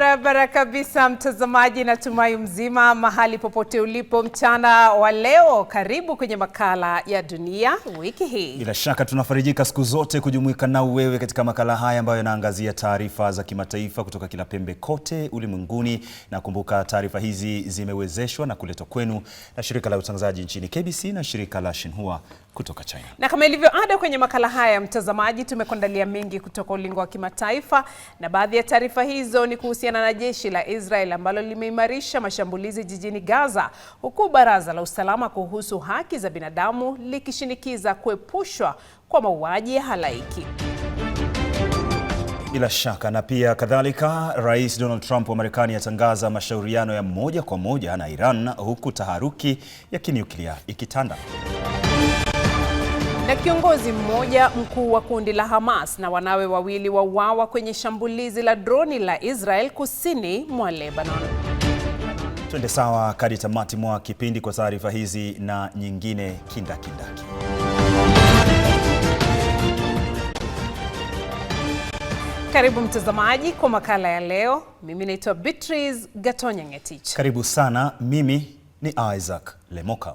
barabara kabisa, mtazamaji, natumai mzima mahali popote ulipo mchana wa leo. Karibu kwenye makala ya Dunia Wiki Hii. Bila shaka tunafarijika siku zote kujumuika na wewe katika makala haya ambayo yanaangazia taarifa za kimataifa kutoka kila pembe kote ulimwenguni, na kumbuka taarifa hizi zimewezeshwa na kuletwa kwenu na shirika la utangazaji nchini KBC na shirika la Shinhua kutoka China. Na kama ilivyo ada kwenye makala haya, mtazamaji, tumekuandalia mengi kutoka ulingo wa kimataifa, na baadhi ya taarifa hizo ni kuhusiana na jeshi la Israel ambalo limeimarisha mashambulizi jijini Gaza, huku baraza la usalama kuhusu haki za binadamu likishinikiza kuepushwa kwa mauaji ya halaiki. Bila shaka na pia kadhalika, Rais Donald Trump wa Marekani atangaza mashauriano ya moja kwa moja na Iran, huku taharuki ya kinyuklia ikitanda. Na kiongozi mmoja mkuu wa kundi la Hamas na wanawe wawili wauawa kwenye shambulizi la droni la Israel kusini mwa Lebanon. tuende sawa kadi tamati mwa kipindi kwa taarifa hizi na nyingine kindakindaki. Karibu mtazamaji kwa makala ya leo. Mimi naitwa Beatrice Gatonya Ngetich. Karibu sana. Mimi ni Isaac Lemoka.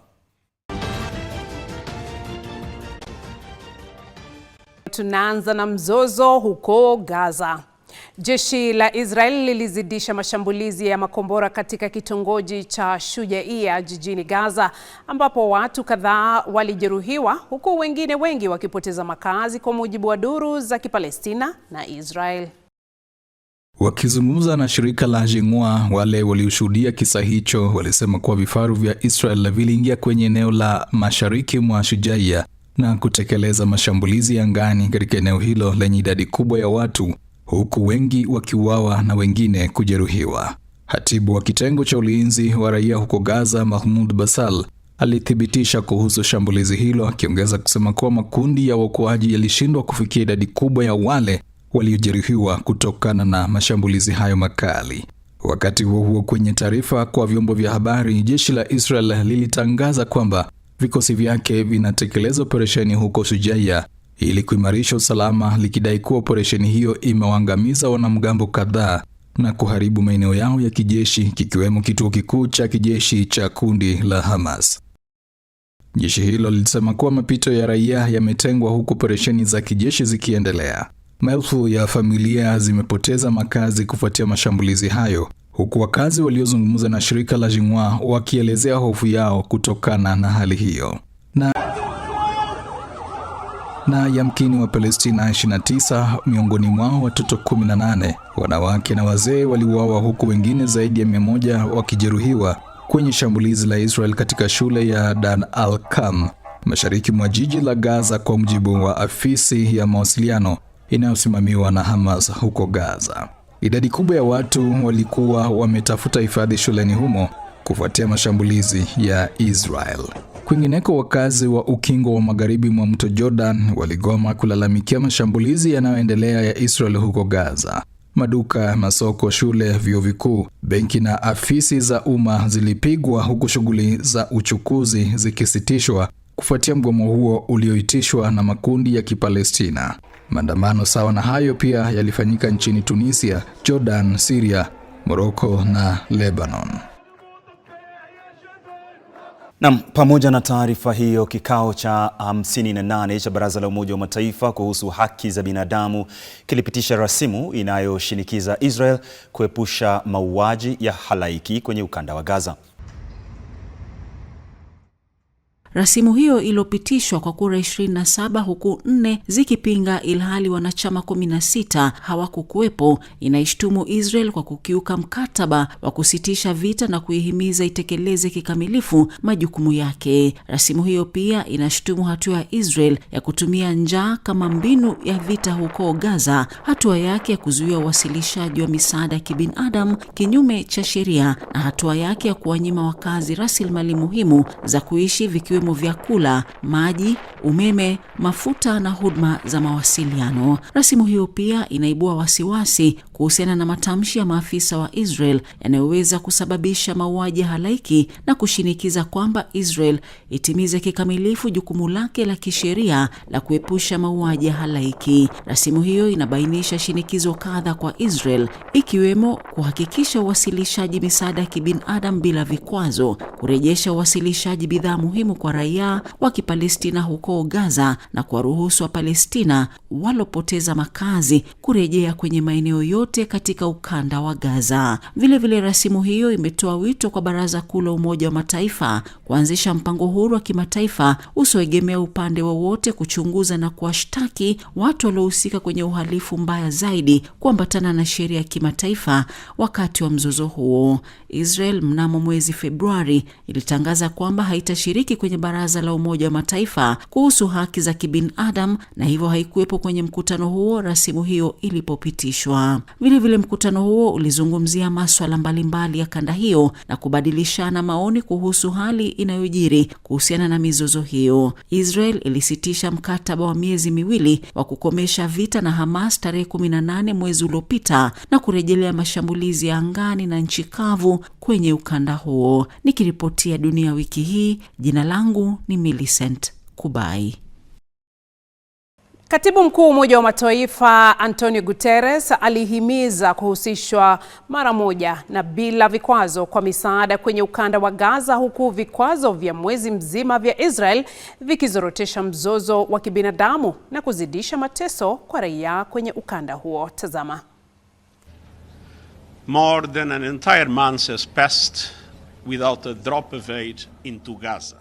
Tunaanza na mzozo huko Gaza. Jeshi la Israel lilizidisha mashambulizi ya makombora katika kitongoji cha Shujaia jijini Gaza ambapo watu kadhaa walijeruhiwa huku wengine wengi wakipoteza makazi kwa mujibu wa duru za Kipalestina na Israel. Wakizungumza na shirika la Xinhua, wale walioshuhudia kisa hicho walisema kuwa vifaru vya Israel viliingia kwenye eneo la mashariki mwa Shujaia na kutekeleza mashambulizi ya angani katika eneo hilo lenye idadi kubwa ya watu, huku wengi wakiuawa na wengine kujeruhiwa. Hatibu wa kitengo cha ulinzi wa raia huko Gaza, Mahmud Basal, alithibitisha kuhusu shambulizi hilo, akiongeza kusema kuwa makundi ya uokoaji yalishindwa kufikia idadi kubwa ya wale waliojeruhiwa kutokana na mashambulizi hayo makali. Wakati huo huo, kwenye taarifa kwa vyombo vya habari, jeshi la Israel lilitangaza kwamba vikosi vyake vinatekeleza operesheni huko Shujaa ili kuimarisha usalama, likidai kuwa operesheni hiyo imewaangamiza wanamgambo kadhaa na kuharibu maeneo yao ya kijeshi kikiwemo kituo kikuu cha kijeshi cha kundi la Hamas. Jeshi hilo lilisema kuwa mapito ya raia yametengwa huku operesheni za kijeshi zikiendelea. Maelfu ya familia zimepoteza makazi kufuatia mashambulizi hayo, huku wakazi waliozungumza na shirika la jinwa wakielezea hofu yao kutokana na hali hiyo na, na yamkini wa Palestina 29 miongoni mwao watoto 18 wanawake na wazee waliuawa huku wengine zaidi ya moja wakijeruhiwa kwenye shambulizi la Israel katika shule ya Dan al Kam mashariki mwa jiji la Gaza kwa mujibu wa afisi ya mawasiliano inayosimamiwa na Hamas huko Gaza. Idadi kubwa ya watu walikuwa wametafuta hifadhi shuleni humo kufuatia mashambulizi ya Israel. Kwingineko, wakazi wa ukingo wa magharibi mwa mto Jordan waligoma kulalamikia mashambulizi yanayoendelea ya Israel huko Gaza. Maduka, masoko, shule, vyuo vikuu, benki na afisi za umma zilipigwa huku shughuli za uchukuzi zikisitishwa kufuatia mgomo huo ulioitishwa na makundi ya Kipalestina. Maandamano sawa na hayo pia yalifanyika nchini Tunisia, Jordan, Syria, Morocco na Lebanon. Nam, pamoja na taarifa hiyo, kikao cha 58 cha Baraza la Umoja wa Mataifa kuhusu haki za binadamu kilipitisha rasimu inayoshinikiza Israel kuepusha mauaji ya halaiki kwenye ukanda wa Gaza. Rasimu hiyo iliyopitishwa kwa kura 27 huku nne zikipinga, ilhali wanachama 16 hawakukuwepo, inaishtumu Israel kwa kukiuka mkataba wa kusitisha vita na kuihimiza itekeleze kikamilifu majukumu yake. Rasimu hiyo pia inashtumu hatua ya Israel ya kutumia njaa kama mbinu ya vita huko Gaza, hatua yake ya kuzuia uwasilishaji wa misaada ya kibinadamu kinyume cha sheria na hatua yake ya kuwanyima wakazi rasilimali muhimu za kuishi vikiwe vikiwemo vyakula, maji, umeme, mafuta na huduma za mawasiliano. Rasimu hiyo pia inaibua wasiwasi kuhusiana na matamshi ya maafisa wa Israel yanayoweza kusababisha mauaji halaiki na kushinikiza kwamba Israel itimize kikamilifu jukumu lake la kisheria la kuepusha mauaji halaiki. Rasimu hiyo inabainisha shinikizo kadha kwa Israel ikiwemo kuhakikisha uwasilishaji misaada ya kibinadamu bila vikwazo, kurejesha uwasilishaji bidhaa muhimu kwa raia wa Kipalestina huko Gaza na kuwaruhusu Wapalestina walopoteza makazi kurejea kwenye maeneo yote katika ukanda wa Gaza. Vilevile vile rasimu hiyo imetoa wito kwa Baraza Kuu la Umoja wa Mataifa kuanzisha mpango huru wa kimataifa usioegemea upande wowote kuchunguza na kuwashtaki watu waliohusika kwenye uhalifu mbaya zaidi kuambatana na sheria ya kimataifa wakati wa mzozo huo. Israel mnamo mwezi Februari ilitangaza kwamba haitashiriki kwenye Baraza la Umoja wa Mataifa kuhusu haki za kibinadam na hivyo haikuwepo kwenye mkutano huo rasimu hiyo ilipopitishwa. Vilevile mkutano huo ulizungumzia maswala mbalimbali ya kanda hiyo na kubadilishana maoni kuhusu hali inayojiri kuhusiana na mizozo hiyo. Israel ilisitisha mkataba wa miezi miwili wa kukomesha vita na Hamas tarehe 18 mwezi uliopita na kurejelea mashambulizi ya angani na nchi kavu kwenye ukanda huo. Nikiripotia Dunia Wiki Hii, jina langu langu ni Millicent Kubai. Katibu Mkuu Umoja wa Mataifa Antonio Guterres alihimiza kuhusishwa mara moja na bila vikwazo kwa misaada kwenye ukanda wa Gaza huku vikwazo vya mwezi mzima vya Israel vikizorotesha mzozo wa kibinadamu na kuzidisha mateso kwa raia kwenye ukanda huo. Tazama. More than an entire month has passed without a drop of aid into Gaza.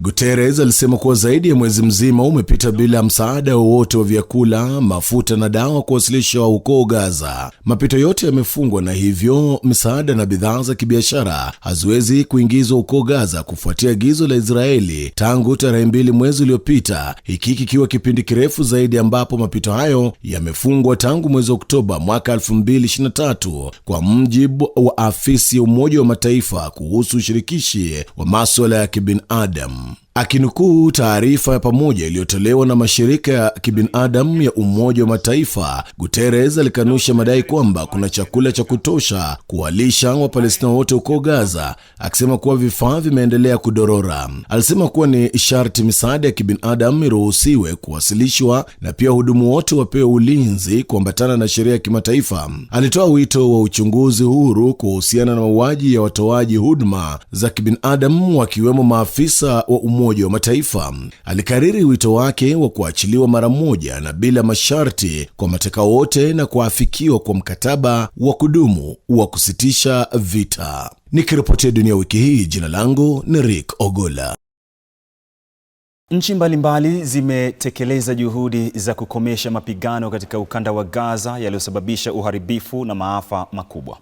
Guterres alisema kuwa zaidi ya mwezi mzima umepita bila msaada wowote wa vyakula, mafuta na dawa kuwasilishwa huko Gaza. Mapito yote yamefungwa na hivyo misaada na bidhaa za kibiashara haziwezi kuingizwa huko Gaza kufuatia agizo la Israeli tangu tarehe mbili mwezi uliopita, hiki kikiwa kipindi kirefu zaidi ambapo mapito hayo yamefungwa tangu mwezi Oktoba mwaka 2023 kwa mjibu wa afisi ya Umoja wa Mataifa kuhusu ushirikishi wa masuala ya kibinadamu. Akinukuu taarifa ya pamoja iliyotolewa na mashirika ya kibinadamu ya Umoja wa Mataifa, Guterres alikanusha madai kwamba kuna chakula cha kutosha kuwalisha Wapalestina wote huko Gaza, akisema kuwa vifaa vimeendelea kudorora. Alisema kuwa ni sharti misaada ya kibinadamu iruhusiwe kuwasilishwa na pia wahudumu wote wapewe ulinzi kuambatana na sheria ya kimataifa. Alitoa wito wa uchunguzi huru kuhusiana na mauaji ya watoaji huduma za kibinadamu wakiwemo maafisa wa umoja Umoja wa Mataifa alikariri wito wake wa kuachiliwa mara moja na bila masharti kwa mateka wote na kuafikiwa kwa mkataba wa kudumu wa kusitisha vita. Nikiripotia Dunia Wiki Hii, jina langu ni Rick Ogola. Nchi mbalimbali zimetekeleza juhudi za kukomesha mapigano katika ukanda wa Gaza yaliyosababisha uharibifu na maafa makubwa.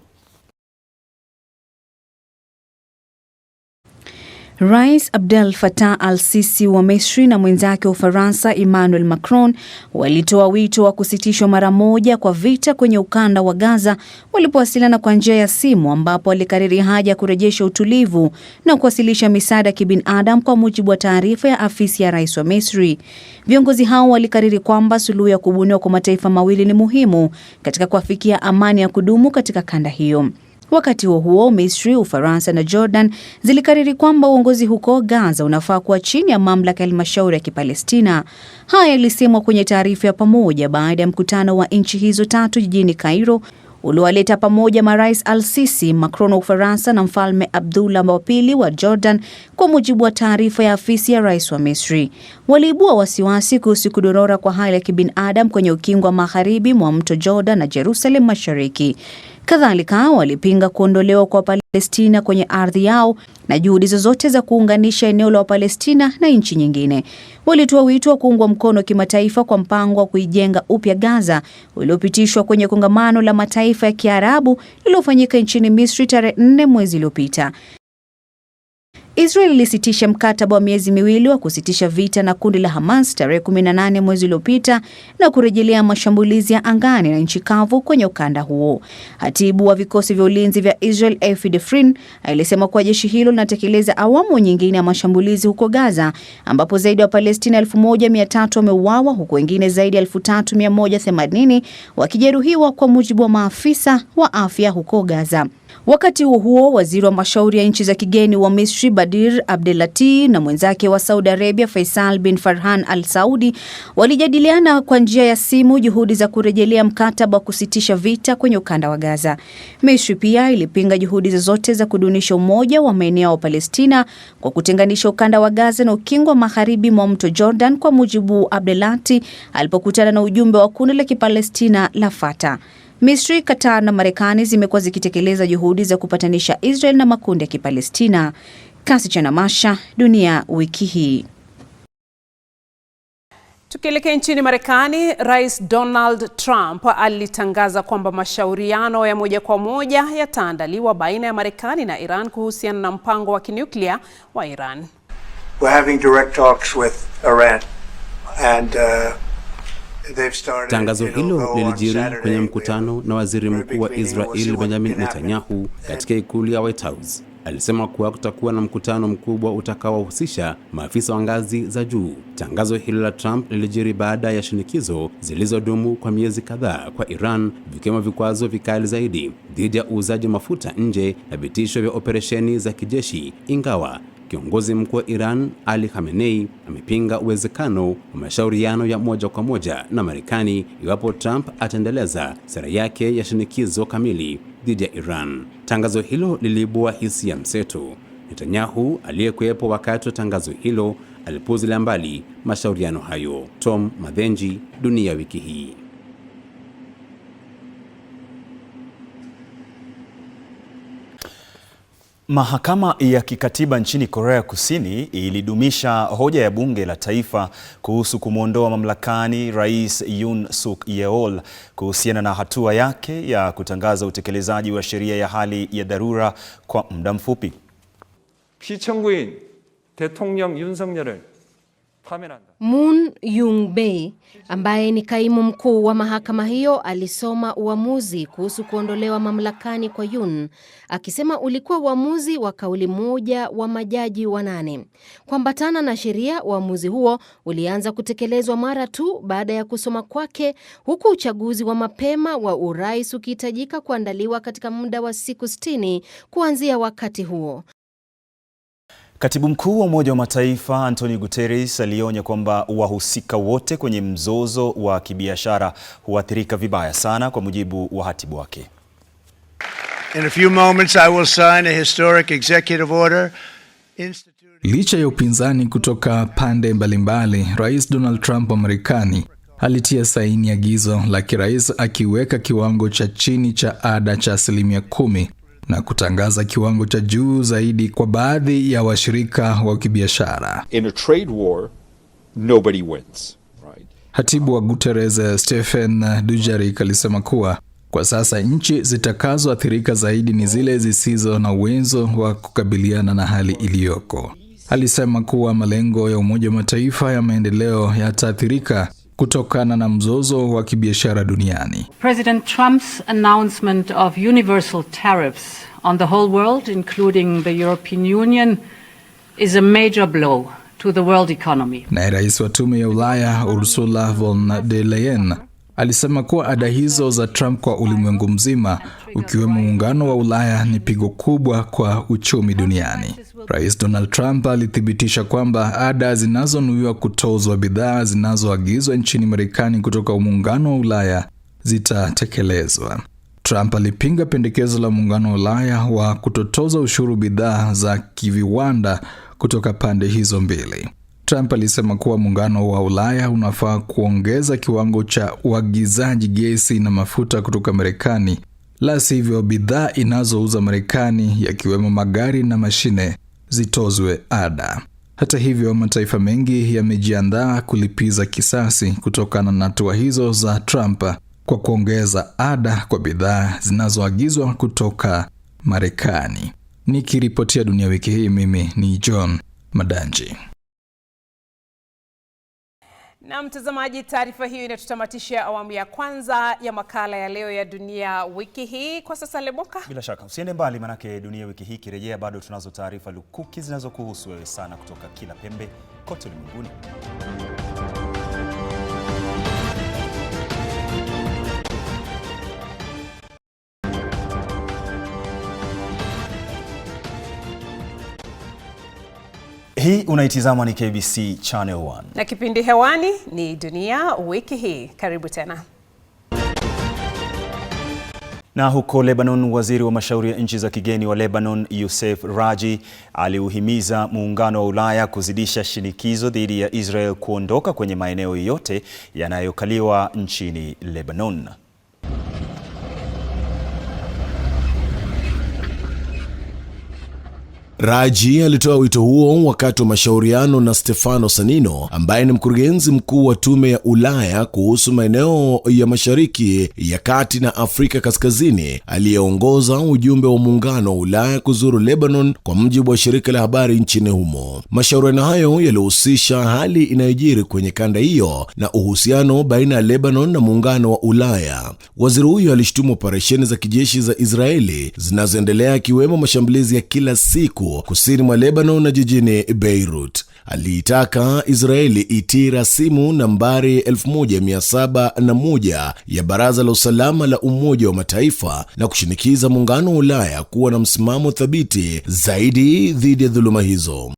Rais Abdel Fattah al-Sisi wa Misri na mwenzake wa Ufaransa Emmanuel Macron walitoa wito wa kusitishwa mara moja kwa vita kwenye ukanda wa Gaza walipowasiliana kwa njia ya simu, ambapo walikariri haja ya kurejesha utulivu na kuwasilisha misaada ya kibinadamu, kwa mujibu wa taarifa ya afisi ya rais wa Misri. Viongozi hao walikariri kwamba suluhu ya kubuniwa kwa mataifa mawili ni muhimu katika kuafikia amani ya kudumu katika kanda hiyo. Wakati huo huo, Misri, Ufaransa na Jordan zilikariri kwamba uongozi huko Gaza unafaa kuwa chini ya mamlaka ya halmashauri ya Kipalestina. Haya yalisemwa kwenye taarifa ya pamoja baada ya mkutano wa nchi hizo tatu jijini Cairo uliowaleta pamoja marais Al-Sisi, Macron wa Ufaransa na Mfalme Abdullah wa pili wa Jordan. Kwa mujibu wa taarifa ya afisi ya rais wa Misri, waliibua wasiwasi kuhusu kudorora kwa hali ya kibinadamu kwenye ukingo wa magharibi mwa mto Jordan na Jerusalem Mashariki. Kadhalika walipinga kuondolewa kwa Wapalestina kwenye ardhi yao na juhudi zozote za kuunganisha eneo la Wapalestina na nchi nyingine. Walitoa wito wa kuungwa mkono kimataifa kwa mpango wa kuijenga upya Gaza uliopitishwa kwenye kongamano la mataifa ya Kiarabu lililofanyika nchini Misri tarehe 4 mwezi uliopita. Israel ilisitisha mkataba wa miezi miwili wa kusitisha vita na kundi la Hamas tarehe 18 mwezi uliopita na kurejelea mashambulizi ya angani na nchi kavu kwenye ukanda huo. Hatibu wa vikosi vya ulinzi vya Israel Efi Defrin alisema kuwa jeshi hilo linatekeleza awamu nyingine ya mashambulizi huko Gaza ambapo zaidi ya Wapalestina 1300 wameuawa huku wengine zaidi ya 3180 wakijeruhiwa kwa mujibu wa maafisa wa afya huko Gaza. Wakati huo huo, waziri wa mashauri ya nchi za kigeni wa Misri Badir Abdelati na mwenzake wa Saudi Arabia Faisal bin Farhan Al Saudi walijadiliana kwa njia ya simu juhudi za kurejelea mkataba wa kusitisha vita kwenye ukanda wa Gaza. Misri pia ilipinga juhudi zozote za kudunisha umoja wa maeneo wa Palestina kwa kutenganisha ukanda wa Gaza na ukingo wa magharibi mwa mto Jordan, kwa mujibu Abdelati alipokutana na ujumbe wa kundi la Kipalestina la Fatah. Misri, Qatar na Marekani zimekuwa zikitekeleza juhudi za kupatanisha Israel na makundi ya Kipalestina kasi cha Namasha Dunia wiki hii. Tukielekea nchini Marekani, Rais Donald Trump alitangaza kwamba mashauriano ya moja kwa moja yataandaliwa baina ya Marekani na Iran kuhusiana na mpango wa kinuklia wa Iran. We're having direct talks with Iran and, uh, Tangazo hilo lilijiri kwenye mkutano na waziri mkuu wa Israel Benjamin Netanyahu katika ikulu ya White House alisema kuwa kutakuwa na mkutano mkubwa utakaohusisha maafisa wa ngazi za juu. Tangazo hilo la Trump lilijiri baada ya shinikizo zilizodumu kwa miezi kadhaa kwa Iran, vikiwemo vikwazo vikali zaidi dhidi ya uuzaji mafuta nje na vitisho vya operesheni za kijeshi, ingawa kiongozi mkuu wa Iran Ali Khamenei amepinga uwezekano wa mashauriano ya moja kwa moja na Marekani iwapo Trump ataendeleza sera yake ya shinikizo kamili dhidi ya Iran. Tangazo hilo liliibua hisia mseto. Netanyahu aliyekuwepo wakati wa tangazo hilo alipuuzilia mbali mashauriano hayo. Tom Madhenji, Dunia Wiki Hii. Mahakama ya Kikatiba nchini Korea Kusini ilidumisha hoja ya bunge la taifa kuhusu kumwondoa mamlakani Rais Yoon Suk Yeol kuhusiana na hatua yake ya kutangaza utekelezaji wa sheria ya hali ya dharura kwa muda mfupi. Pichonguin Detongyong Yunsenyer을 Moon yung Bei ambaye ni kaimu mkuu wa mahakama hiyo alisoma uamuzi kuhusu kuondolewa mamlakani kwa yun akisema ulikuwa uamuzi wa kauli moja wa majaji wanane. Kuambatana na sheria, uamuzi huo ulianza kutekelezwa mara tu baada ya kusoma kwake, huku uchaguzi wa mapema wa urais ukihitajika kuandaliwa katika muda wa siku 60 kuanzia wakati huo. Katibu Mkuu wa Umoja wa Mataifa Antonio Guterres alionya kwamba wahusika wote kwenye mzozo wa kibiashara huathirika vibaya sana kwa mujibu wa hatibu wake. In a few moments I will sign a historic executive order Licha ya upinzani kutoka pande mbalimbali, Rais Donald Trump wa Marekani alitia saini agizo la kirais akiweka kiwango cha chini cha ada cha asilimia kumi na kutangaza kiwango cha juu zaidi kwa baadhi ya washirika wa kibiashara. In a trade war, nobody wins. Right. Hatibu wa Guterres Stephen dujarik alisema kuwa kwa sasa nchi zitakazoathirika zaidi ni zile zisizo na uwezo wa kukabiliana na hali iliyoko. Alisema kuwa malengo ya Umoja wa Mataifa ya maendeleo yataathirika kutokana na mzozo wa kibiashara duniani. President Trump's announcement of universal tariffs on the whole world including the European Union is a major blow to the world economy. Naye rais wa tume ya Ulaya Ursula von der Leyen Alisema kuwa ada hizo za Trump kwa ulimwengu mzima, ukiwemo muungano wa Ulaya, ni pigo kubwa kwa uchumi duniani. Rais Donald Trump alithibitisha kwamba ada zinazonuiwa kutozwa bidhaa zinazoagizwa nchini Marekani kutoka muungano wa Ulaya zitatekelezwa. Trump alipinga pendekezo la muungano wa Ulaya wa kutotoza ushuru bidhaa za kiviwanda kutoka pande hizo mbili. Trump alisema kuwa muungano wa Ulaya unafaa kuongeza kiwango cha uagizaji gesi na mafuta kutoka Marekani, la sivyo bidhaa inazouza Marekani, yakiwemo magari na mashine, zitozwe ada. Hata hivyo, mataifa mengi yamejiandaa kulipiza kisasi kutokana na hatua hizo za Trump kwa kuongeza ada kwa bidhaa zinazoagizwa kutoka Marekani. Nikiripotia Dunia Wiki Hii, mimi ni John Madanji. Na mtazamaji, taarifa hiyo inatutamatisha awamu ya kwanza ya makala ya leo ya Dunia Wiki Hii. Kwa sasa Leboka, bila shaka usiende mbali, manake Dunia Wiki Hii ikirejea, bado tunazo taarifa lukuki zinazokuhusu wewe sana kutoka kila pembe kote ulimwenguni. Hii unaitizama ni KBC Channel 1. Na kipindi hewani ni Dunia Wiki Hii. Karibu tena. Na huko Lebanon, waziri wa mashauri ya nchi za kigeni wa Lebanon, Youssef Raji, aliuhimiza muungano wa Ulaya kuzidisha shinikizo dhidi ya Israel kuondoka kwenye maeneo yote yanayokaliwa nchini Lebanon. Raji alitoa wito huo wakati wa mashauriano na Stefano Sanino ambaye ni mkurugenzi mkuu wa tume ya Ulaya kuhusu maeneo ya Mashariki ya Kati na Afrika Kaskazini aliyeongoza ujumbe wa muungano wa Ulaya kuzuru Lebanon, kwa mjibu wa shirika la habari nchini humo. Mashauriano hayo yalihusisha hali inayojiri kwenye kanda hiyo na uhusiano baina ya Lebanon na muungano wa Ulaya. Waziri huyo alishtumu operesheni za kijeshi za Israeli zinazoendelea, ikiwemo mashambulizi ya kila siku huo kusini mwa Lebanon na jijini Beirut. Aliitaka Israeli itii rasimu nambari 1701 ya Baraza la Usalama la Umoja wa Mataifa na kushinikiza Muungano wa Ulaya kuwa na msimamo thabiti zaidi dhidi ya dhuluma hizo.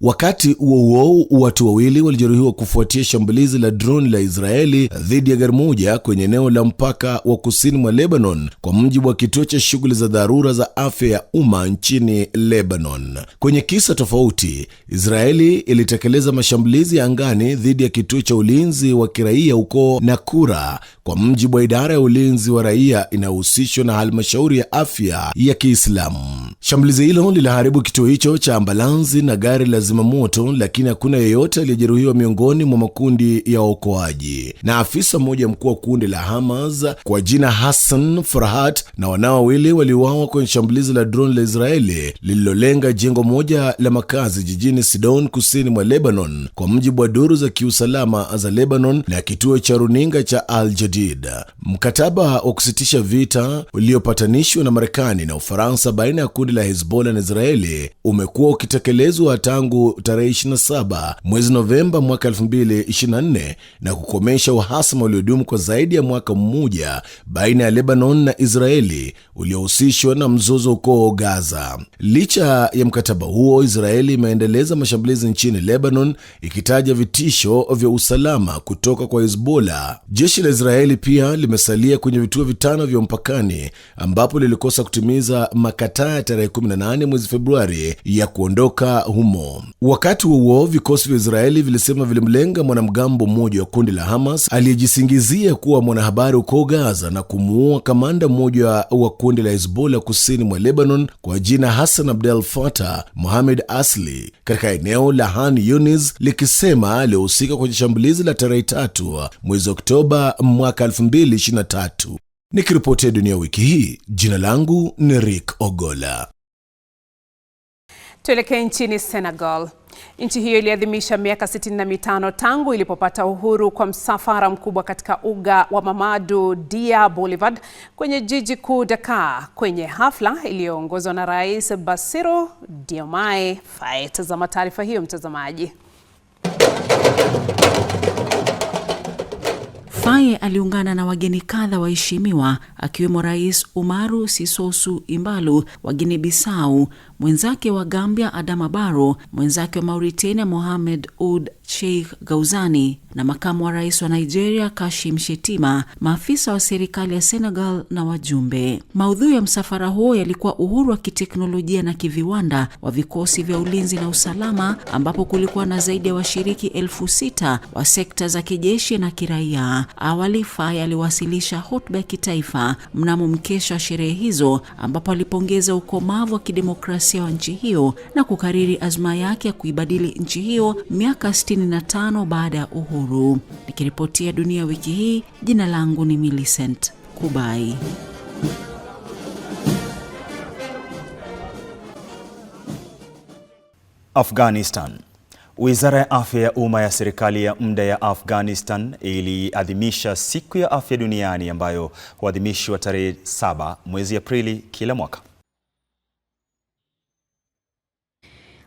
Wakati huo huo, watu wawili walijeruhiwa kufuatia shambulizi la droni la Israeli dhidi ya gari moja kwenye eneo la mpaka wa kusini mwa Lebanon, kwa mujibu wa kituo cha shughuli za dharura za afya ya umma nchini Lebanon. Kwenye kisa tofauti, Israeli ilitekeleza mashambulizi ya angani dhidi ya kituo cha ulinzi wa kiraia huko Nakura, kwa mujibu wa idara ya ulinzi wa raia inayohusishwa na halmashauri ya afya ya Kiislamu. Shambulizi hilo liliharibu kituo hicho cha ambalanzi na gari la zimamoto, lakini hakuna yeyote aliyejeruhiwa miongoni mwa makundi ya waokoaji. Na afisa mmoja mkuu wa kundi la Hamas kwa jina Hassan Farhat na wanao wawili waliuawa kwenye shambulizi la droni la Israeli lililolenga jengo moja la makazi jijini Sidon kusini mwa Lebanon, kwa mujibu wa duru za kiusalama za Lebanon na kituo cha runinga cha Al Jadid. Mkataba wa kusitisha vita uliopatanishwa na Marekani na Ufaransa baina ya kundi la Hezbollah na Israeli umekuwa ukitekelezwa tangu tangu tarehe 27 mwezi Novemba mwaka 2024 na kukomesha uhasama uliodumu kwa zaidi ya mwaka mmoja baina ya Lebanon na Israeli uliohusishwa na mzozo uko Gaza. Licha ya mkataba huo, Israeli imeendeleza mashambulizi nchini Lebanon ikitaja vitisho vya usalama kutoka kwa Hezbollah. Jeshi la Israeli pia limesalia kwenye vituo vitano vya mpakani ambapo lilikosa kutimiza makataa ya tarehe 18 mwezi Februari ya kuondoka humo. Wakati huo vikosi vya Israeli vilisema vilimlenga mwanamgambo mmoja wa kundi la Hamas aliyejisingizia kuwa mwanahabari huko Gaza na kumuua kamanda mmoja wa kundi la Hezbollah kusini mwa Lebanon kwa jina Hassan Abdel Fattah Mohamed Asli katika eneo la Han Yunis, likisema alihusika kwenye shambulizi la tarehe tatu mwezi Oktoba mwaka 2023. Nikiripotia Dunia Wiki Hii, jina langu ni Rick Ogola. Tuelekee nchini Senegal. Nchi hiyo iliadhimisha miaka 65 tangu ilipopata uhuru kwa msafara mkubwa katika uga wa Mamadou Dia Boulevard kwenye jiji kuu Dakar, kwenye hafla iliyoongozwa na Rais Bassirou Diomaye Faye. Tazama taarifa hiyo mtazamaji. Faye aliungana na wageni kadha waheshimiwa akiwemo Rais Umaru Sisosu Imbalu wa Guinea Bissau, mwenzake wa Gambia Adama baro mwenzake wa Mauritania Mohamed ud Sheikh Gauzani na makamu wa rais wa Nigeria Kashim Shetima, maafisa wa serikali ya Senegal na wajumbe. Maudhui ya msafara huo yalikuwa uhuru wa kiteknolojia na kiviwanda wa vikosi vya ulinzi na usalama, ambapo kulikuwa na zaidi ya washiriki elfu sita wa sekta za kijeshi na kiraia. Awali Faye aliwasilisha hotba ya kitaifa mnamo mkesha wa sherehe hizo, ambapo alipongeza ukomavu wa kidemokrasia demokrasia wa nchi hiyo na kukariri azma yake ya kuibadili nchi hiyo miaka 65 baada ya uhuru. Nikiripotia Dunia Wiki Hii, jina langu ni Millicent Kubai. Afghanistan. Wizara ya Afya ya Umma ya serikali ya muda ya Afghanistan iliadhimisha Siku ya Afya Duniani ambayo huadhimishwa tarehe 7 mwezi Aprili kila mwaka.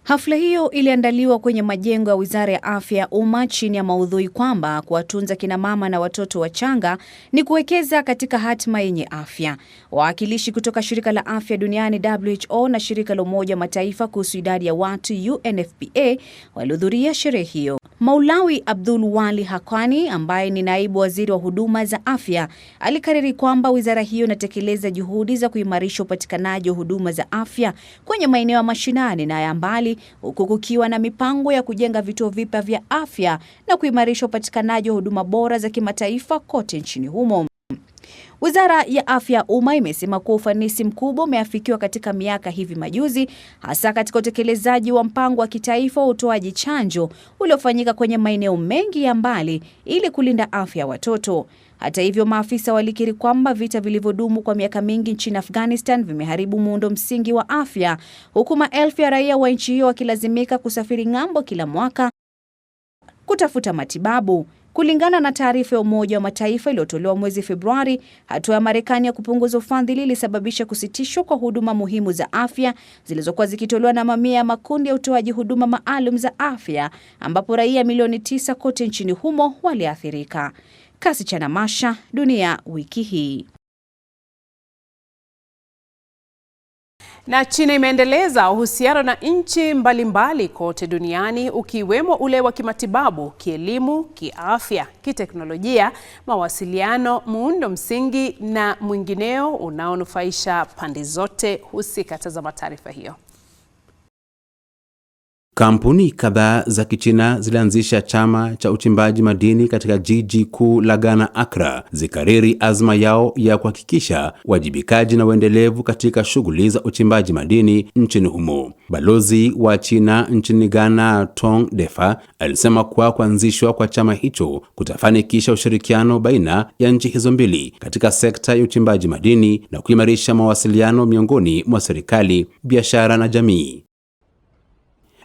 Hafla hiyo iliandaliwa kwenye majengo ya Wizara ya Afya ya Umma chini ya maudhui kwamba kuwatunza kina mama na watoto wachanga ni kuwekeza katika hatima yenye afya. Wawakilishi kutoka Shirika la Afya Duniani WHO na Shirika la Umoja wa Mataifa kuhusu idadi ya watu UNFPA walihudhuria sherehe hiyo. Maulawi Abdul Wali Hakwani ambaye ni naibu waziri wa huduma za afya alikariri kwamba wizara hiyo inatekeleza juhudi za kuimarisha upatikanaji wa huduma za afya kwenye maeneo ya mashinani na ya mbali huku kukiwa na mipango ya kujenga vituo vipya vya afya na kuimarisha upatikanaji wa huduma bora za kimataifa kote nchini humo. Wizara ya Afya ya Umma imesema kuwa ufanisi mkubwa umeafikiwa katika miaka hivi majuzi, hasa katika utekelezaji wa mpango wa kitaifa wa utoaji chanjo uliofanyika kwenye maeneo mengi ya mbali ili kulinda afya ya watoto. Hata hivyo, maafisa walikiri kwamba vita vilivyodumu kwa miaka mingi nchini Afghanistan vimeharibu muundo msingi wa afya, huku maelfu ya raia wa nchi hiyo wakilazimika kusafiri ng'ambo kila mwaka kutafuta matibabu. Kulingana na taarifa ya Umoja wa Mataifa iliyotolewa mwezi Februari, hatua ya Marekani ya kupunguza ufadhili ilisababisha kusitishwa kwa huduma muhimu za afya zilizokuwa zikitolewa na mamia ya makundi ya utoaji huduma maalum za afya, ambapo raia milioni tisa kote nchini humo waliathirika. Kasi cha Namasha, Dunia Wiki Hii. Na China imeendeleza uhusiano na nchi mbalimbali kote duniani ukiwemo ule wa kimatibabu, kielimu, kiafya, kiteknolojia, mawasiliano, muundo msingi na mwingineo unaonufaisha pande zote husika. Tazama taarifa hiyo. Kampuni kadhaa za Kichina zilianzisha chama cha uchimbaji madini katika jiji kuu la Ghana, Accra, zikariri azma yao ya kuhakikisha wajibikaji na uendelevu katika shughuli za uchimbaji madini nchini humo. Balozi wa China nchini Ghana, Tong Defa, alisema kuwa kuanzishwa kwa chama hicho kutafanikisha ushirikiano baina ya nchi hizo mbili katika sekta ya uchimbaji madini na kuimarisha mawasiliano miongoni mwa serikali, biashara na jamii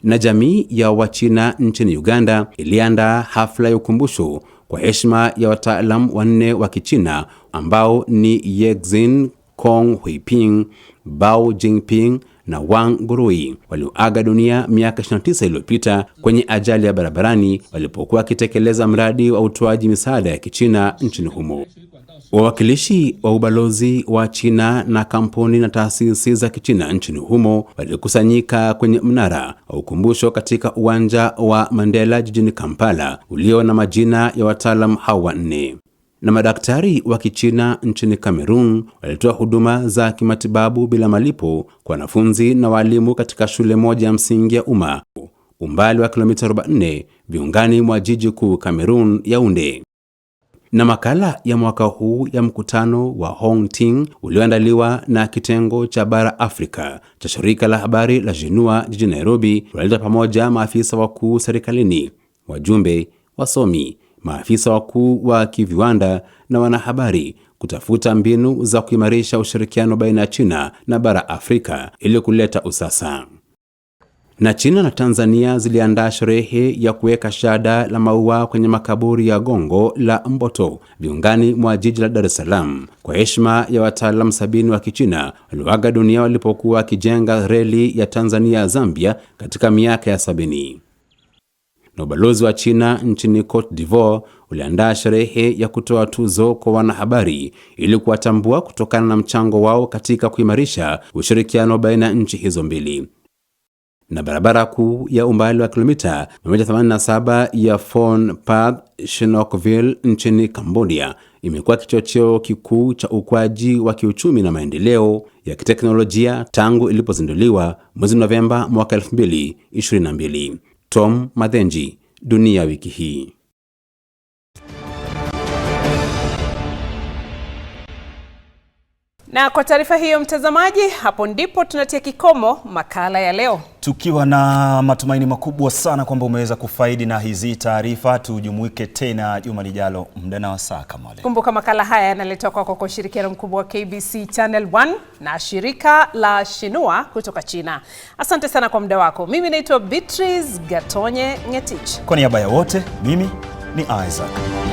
na jamii ya Wachina nchini Uganda iliandaa hafla ya ukumbusho kwa heshima ya wataalamu wanne wa Kichina ambao ni yexin Kong Huiping, Bao Jingping na Wang Gurui walioaga dunia miaka 29 iliyopita kwenye ajali ya barabarani walipokuwa wakitekeleza mradi wa utoaji misaada ya Kichina nchini humo. Wawakilishi wa ubalozi wa China na kampuni na taasisi za Kichina nchini humo walikusanyika kwenye mnara wa ukumbusho katika uwanja wa Mandela jijini Kampala ulio na majina ya wataalamu hawa wanne na madaktari wa Kichina nchini Kamerun walitoa huduma za kimatibabu bila malipo kwa wanafunzi na walimu katika shule moja ya msingi ya umma umbali wa kilomita 44 viungani mwa jiji kuu Kamerun, yaunde Na makala ya mwaka huu ya mkutano wa Hong Ting ulioandaliwa na kitengo cha bara Afrika cha shirika la habari la Jinua jijini Nairobi, walileta pamoja maafisa wakuu serikalini, wajumbe, wasomi maafisa wakuu wa kiviwanda na wanahabari kutafuta mbinu za kuimarisha ushirikiano baina ya China na bara Afrika ili kuleta usasa. Na China na Tanzania ziliandaa sherehe ya kuweka shada la maua kwenye makaburi ya Gongo la Mboto viungani mwa jiji la Dar es Salaam kwa heshima ya wataalamu sabini wa Kichina walioaga dunia walipokuwa wakijenga reli ya Tanzania Zambia katika miaka ya sabini na ubalozi wa China nchini Cote d'Ivoire uliandaa sherehe ya kutoa tuzo kwa wanahabari ili kuwatambua kutokana na mchango wao katika kuimarisha ushirikiano baina ya nchi hizo mbili na barabara kuu ya umbali wa kilomita 187 ya Phnom Penh Sihanoukville nchini Cambodia imekuwa kichocheo kikuu cha ukuaji wa kiuchumi na maendeleo ya kiteknolojia tangu ilipozinduliwa mwezi Novemba mwaka 2022. Tom Madhenji, Dunia Wiki Hii. Na kwa taarifa hiyo mtazamaji, hapo ndipo tunatia kikomo makala ya leo, tukiwa na matumaini makubwa sana kwamba umeweza kufaidi na hizi taarifa. Tujumuike tena juma lijalo, muda na wasaa kama leo. Kumbuka makala haya yanaletwa kwako kwa ushirikiano mkubwa wa KBC Channel 1 na shirika la Shinua kutoka China. Asante sana kwa muda wako. Mimi naitwa Beatrice Gatonye Ngetich, kwa niaba ya wote, mimi ni Isaac